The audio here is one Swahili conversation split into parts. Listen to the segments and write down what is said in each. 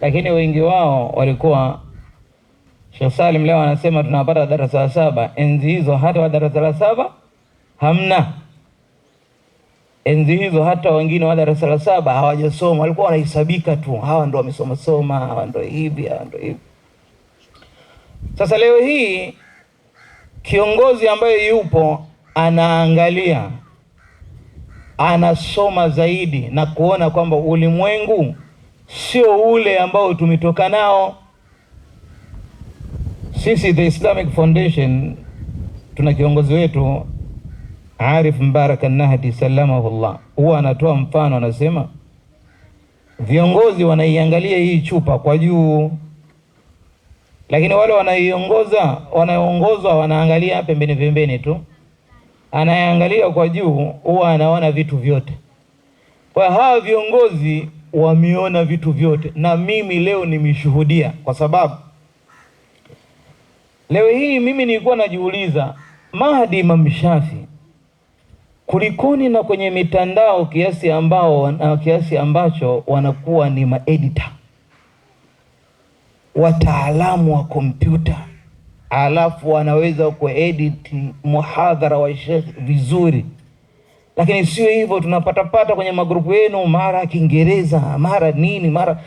lakini wengi wao walikuwa Sheikh Salim leo anasema tunapata darasa la saba. Enzi hizo hata wa darasa la saba hamna. Enzi hizo hata wengine wa darasa la saba hawajasoma, walikuwa wanahesabika tu, hawa ndo wamesoma soma, hawa ndo hivi, hawa ndo hivi. Sasa leo hii kiongozi ambaye yupo anaangalia, anasoma zaidi na kuona kwamba ulimwengu sio ule ambao tumetoka nao sisi. The Islamic Foundation tuna kiongozi wetu Arif Mbarak Nahdi salamahullah, huwa anatoa mfano, anasema viongozi wanaiangalia hii chupa kwa juu, lakini wale wanaiongoza wanaongozwa wanaangalia pembeni pembeni tu. Anayeangalia kwa juu huwa anaona vitu vyote. Kwa hawa viongozi wameona vitu vyote, na mimi leo nimeshuhudia, kwa sababu leo hii mimi nilikuwa najiuliza Mahdi Imam Shafi kulikoni na kwenye mitandao kiasi ambao na kiasi ambacho wanakuwa ni maedita wataalamu wa kompyuta, alafu wanaweza kuediti muhadhara wa shekhi vizuri. Lakini sio hivyo, tunapatapata kwenye magrupu yenu, mara Kiingereza, mara nini, mara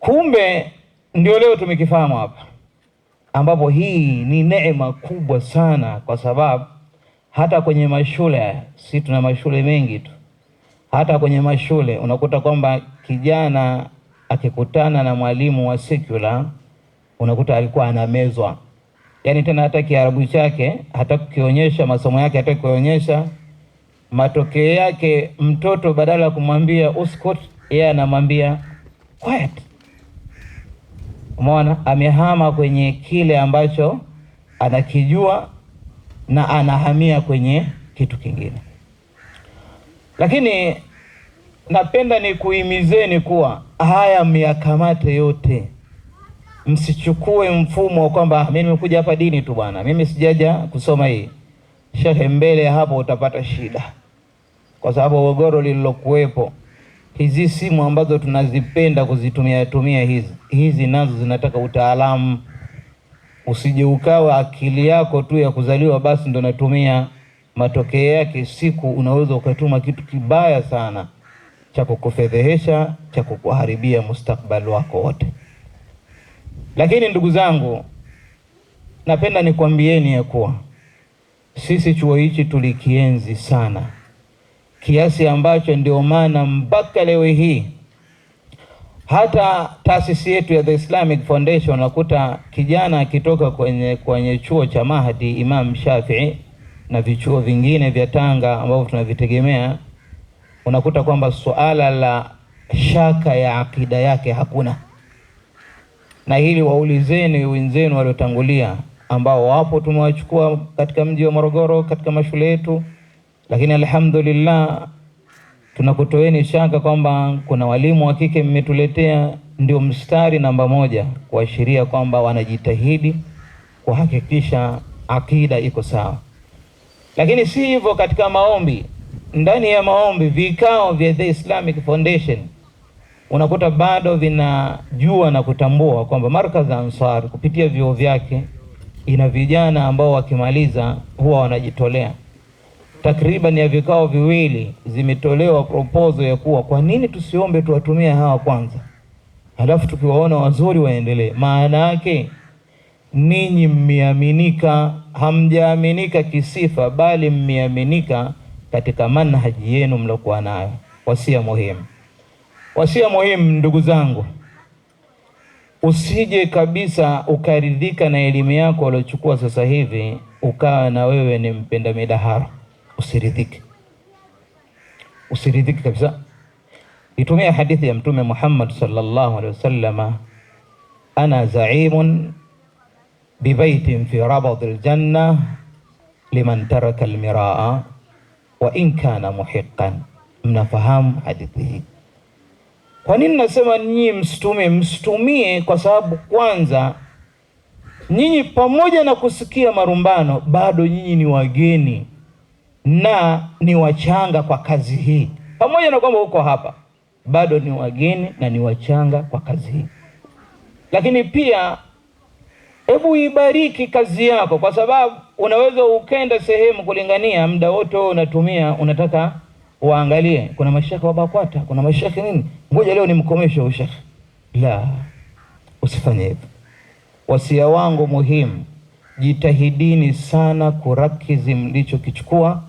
kumbe. Ndio leo tumekifahamu hapa, ambapo hii ni neema kubwa sana, kwa sababu hata kwenye mashule, si tuna mashule mengi tu, hata kwenye mashule unakuta kwamba kijana akikutana na mwalimu wa secular unakuta alikuwa anamezwa, yaani tena hata Kiarabu chake hata kukionyesha, masomo yake hata kukionyesha Matokeo yake mtoto badala ya kumwambia uskut, yeye anamwambia quiet. Umeona, amehama kwenye kile ambacho anakijua na anahamia kwenye kitu kingine. Lakini napenda nikuhimizeni kuwa haya myakamate yote, msichukue mfumo kwamba ah, mimi nimekuja hapa dini tu bwana, mimi sijaja kusoma hii shehe. Mbele hapo utapata shida kwa sababu ogoro lililokuwepo, hizi simu ambazo tunazipenda kuzitumia tumia hizi hizi, nazo zinataka utaalamu. Usije ukawa akili yako tu ya kuzaliwa basi ndo natumia. Matokeo yake siku unaweza ukatuma kitu kibaya sana cha kukufedhehesha, cha kukuharibia mustakbali wako wote. Lakini ndugu zangu, napenda nikwambieni ya kuwa sisi chuo hichi tulikienzi sana kiasi ambacho ndio maana mpaka leo hii hata taasisi yetu ya The Islamic Foundation nakuta kijana akitoka kwenye, kwenye chuo cha Mahdi Imam Shafi'i na vichuo vingine vya Tanga ambavyo tunavitegemea, unakuta kwamba suala la shaka ya akida yake hakuna. Na hili waulizeni wenzenu waliotangulia ambao wapo, tumewachukua katika mji wa Morogoro katika mashule yetu lakini alhamdulillah tunakutoeni shaka kwamba kuna walimu wa kike mmetuletea, ndio mstari namba moja kuashiria kwamba wanajitahidi kuhakikisha akida iko sawa. Lakini si hivyo katika maombi, ndani ya maombi vikao vya The Islamic Foundation unakuta bado vinajua na kutambua kwamba Markaz Ansar kupitia vyuo vyake ina vijana ambao wakimaliza huwa wanajitolea takriban ya vikao viwili zimetolewa proposal ya kuwa kwa nini tusiombe tuwatumie hawa kwanza, halafu tukiwaona wazuri waendelee. Maana yake ninyi mmeaminika, hamjaaminika kisifa, bali mmeaminika katika manhaji yenu mliokuwa nayo. Wasia muhimu, wasia muhimu, ndugu zangu, usije kabisa ukaridhika na elimu yako waliochukua sasa hivi ukawa na wewe ni mpenda midaharo usiridhike, usiridhike kabisa. Itumia hadithi ya Mtume Muhammad sallallahu alaihi wasallama, ana zaimun bibaitin fi rabadil janna liman taraka almiraa wa in kana muhiqqan. Mnafahamu hadithi hii. Kwa nini nasema nyinyi msitumie? Msitumie kwa sababu kwanza, nyinyi pamoja na kusikia marumbano, bado nyinyi ni wageni na ni wachanga kwa kazi hii, pamoja na kwamba uko hapa bado ni wageni na ni wachanga kwa kazi hii. Lakini pia hebu ibariki kazi yako, kwa sababu unaweza ukenda sehemu kulingania muda wote unatumia, unataka waangalie kuna mashaka wa BAKWATA, kuna mashaka nini, ngoja leo nimkomeshe ushekhe. La, usifanye hivyo. Wasia wangu muhimu, jitahidini sana kurakizi mlichokichukua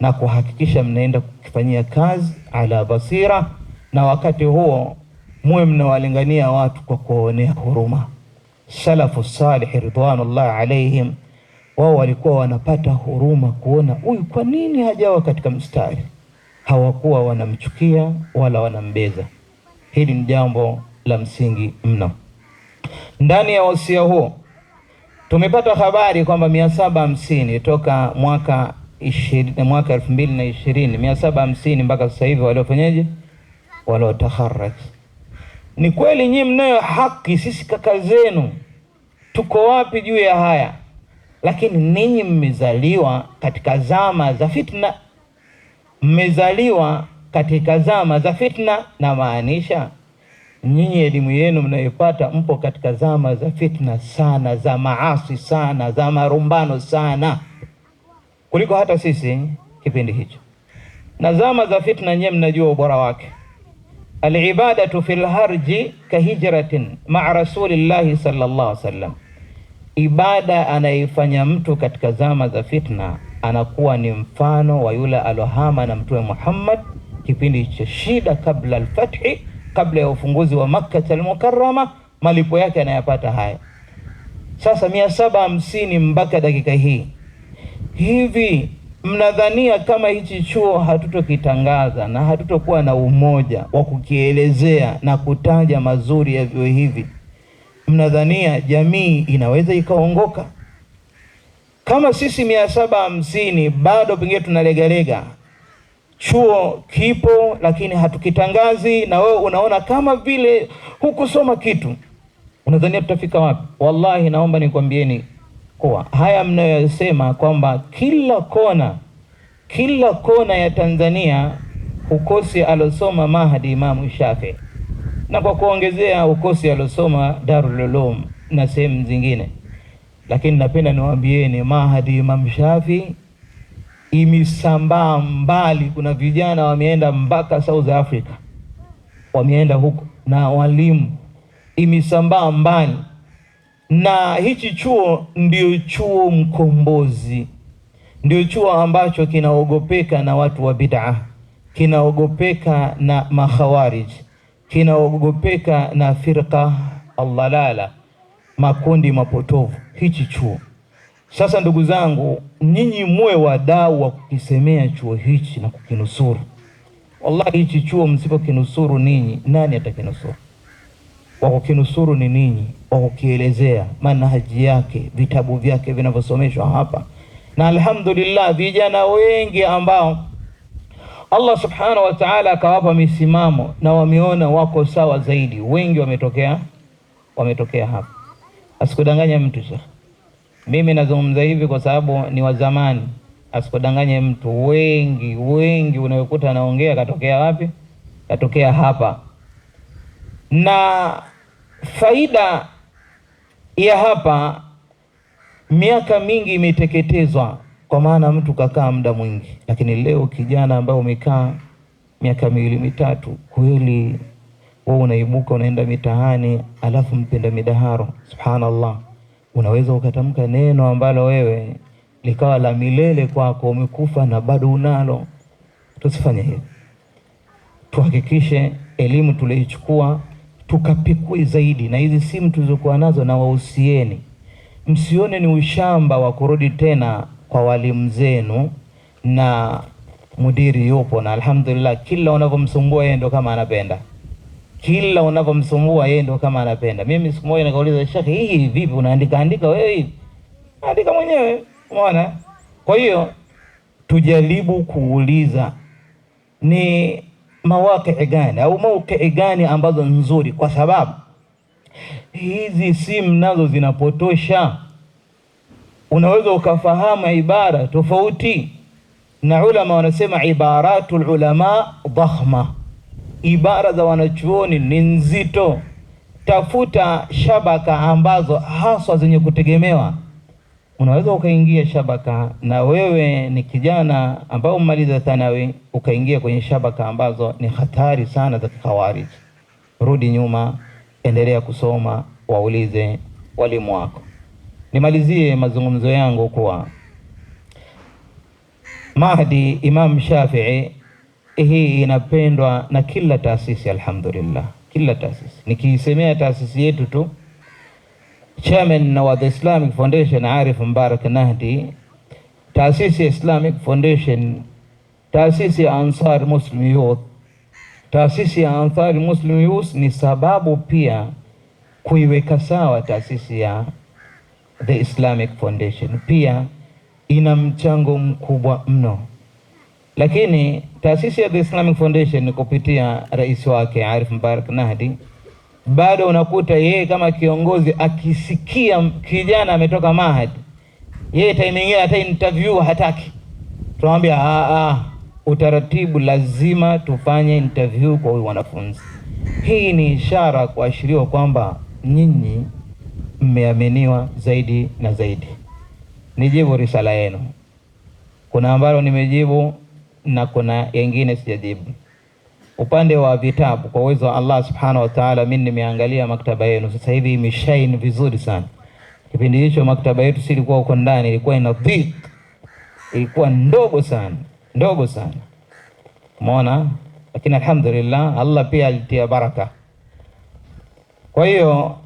na kuhakikisha mnaenda kukifanyia kazi ala basira, na wakati huo muwe mnawalingania watu kwa kuwaonea huruma. Salafu salih ridwanullah alaihim, wao walikuwa wanapata huruma kuona huyu kwa nini hajawa katika mstari, hawakuwa wanamchukia wala wanambeza. Hili ni jambo la msingi mno. Ndani ya wasia huo tumepata habari kwamba mia saba hamsini toka mwaka ishirini, eh, mwaka elfu mbili na ishirini mia saba hamsini mpaka sasa hivi waliofanyaje, waliotaharaji. Ni kweli nyinyi mnayo haki, sisi kaka zenu tuko wapi juu ya haya? Lakini ninyi mmezaliwa katika zama za fitna, mmezaliwa katika zama za fitna. Na maanisha nyinyi elimu yenu mnayoipata, mpo katika zama za fitna sana, za maasi sana, za marumbano sana kuliko hata sisi kipindi hicho, na zama za fitna nyewe mnajua ubora wake. Alibadatu fil harji kahijratin maa rasulillahi sallallahu alaihi wasallam, ibada anayeifanya mtu katika zama za fitna anakuwa ni mfano wa yule alohama na Mtume Muhammad kipindi cha shida, kabla alfathi, kabla ya ufunguzi wa Makka almukarrama. Malipo yake anayapata haya sasa, mia saba hamsini mpaka dakika hii Hivi mnadhania kama hichi chuo hatutokitangaza na hatutokuwa na umoja wa kukielezea na kutaja mazuri ya vyuo hivi, mnadhania jamii inaweza ikaongoka? Kama sisi mia saba hamsini bado pengine tunalegalega, chuo kipo lakini hatukitangazi, na wewe unaona kama vile hukusoma kitu, unadhania tutafika wapi? Wallahi, naomba nikwambieni kuwa haya mnayosema kwamba kila kona kila kona ya Tanzania ukosi alosoma Mahdi Imamu Shafi, na kwa kuongezea ukosi alosoma Darul Ulum na sehemu zingine. Lakini napenda niwaambieni, Mahdi Imamu Shafi imesambaa mbali. Kuna vijana wameenda mpaka South Africa, wameenda huko na walimu, imesambaa mbali na hichi chuo ndio chuo mkombozi, ndio chuo ambacho kinaogopeka na watu wa bid'a, kinaogopeka na makhawarij, kinaogopeka na firqa allalala, makundi mapotovu. Hichi chuo sasa, ndugu zangu, nyinyi muwe wadau wa kukisemea chuo hichi na kukinusuru. Wallahi, hichi chuo msipokinusuru ninyi, nani atakinusuru? wa kukinusuru ni ninyi, wa kukielezea manhaji yake, vitabu vyake vinavyosomeshwa hapa, na alhamdulillah vijana wengi ambao Allah subhanahu wa ta'ala akawapa misimamo na wameona wako sawa zaidi, wengi wametokea wametokea hapa. Asikudanganye mtu sasa. mimi nazungumza hivi kwa sababu ni wa zamani. Asikudanganye mtu, wengi wengi unayokuta anaongea katokea wapi? Katokea hapa na faida ya hapa, miaka mingi imeteketezwa kwa maana mtu kakaa muda mwingi, lakini leo kijana ambaye umekaa miaka miwili mitatu, kweli wewe unaibuka unaenda mitaani, alafu mpenda midaharo, subhanallah, unaweza ukatamka neno ambalo wewe likawa la milele kwako, umekufa na bado unalo. Tusifanye hivyo, tuhakikishe elimu tuliichukua tukapekue zaidi na hizi simu tulizokuwa nazo, na wahusieni, msione ni ushamba wa kurudi tena kwa walimu zenu, na mudiri yupo na alhamdulillah, kila unavyomsumbua yeye ndo kama anapenda kila unavyomsumbua yeye ndo kama anapenda. Mimi siku moja nikauliza shekhi, hii vipi unaandika andika wewe hivi? Andika mwenyewe, umeona? Kwa hiyo tujaribu kuuliza ni mawaqii gani au mauqii gani ambazo nzuri, kwa sababu hizi simu nazo zinapotosha. Unaweza ukafahamu ibara tofauti, na ulama wanasema ibaratul ulama dhahma, ibara za wanachuoni ni nzito. Tafuta shabaka ambazo haswa zenye kutegemewa unaweza ukaingia shabaka na wewe ni kijana ambao umaliza thanawi ukaingia kwenye shabaka ambazo ni hatari sana za kikhawariji. Rudi nyuma, endelea kusoma, waulize walimu wako. Nimalizie mazungumzo yangu kuwa Mahdi Imam Shafii hii inapendwa na kila taasisi, alhamdulillah, kila taasisi. Nikiisemea taasisi yetu tu Chairman wa the Islamic Foundation Arif Mbarak Nahdi, taasisi ya Islamic Foundation, taasisi ya Ansar Muslim Youth. Taasisi ya Ansar Muslim Youth ni sababu pia kuiweka sawa taasisi ya the Islamic Foundation, pia ina mchango mkubwa mno, lakini taasisi ya the Islamic Foundation kupitia rais wake Arif Mbarak Nahdi bado unakuta yeye kama kiongozi akisikia kijana ametoka Mahad, yeye time hata interview hataki. Tunamwambia a ah, a, ah, utaratibu lazima tufanye interview kwa huyu wanafunzi. Hii ni ishara kuashiriwa kwamba nyinyi mmeaminiwa zaidi na zaidi. Nijibu risala yenu, kuna ambalo nimejibu na kuna yengine sijajibu upande wa vitabu kwa uwezo wa Allah subhanahu wa ta'ala, mimi nimeangalia maktaba yenu sasa hivi imeshaini vizuri sana. Kipindi hicho maktaba yetu si ilikuwa huko ndani, ilikuwa ina dhiki, ilikuwa ndogo sana, ndogo sana, umeona. Lakini alhamdulillah, Allah pia alitia baraka, kwa hiyo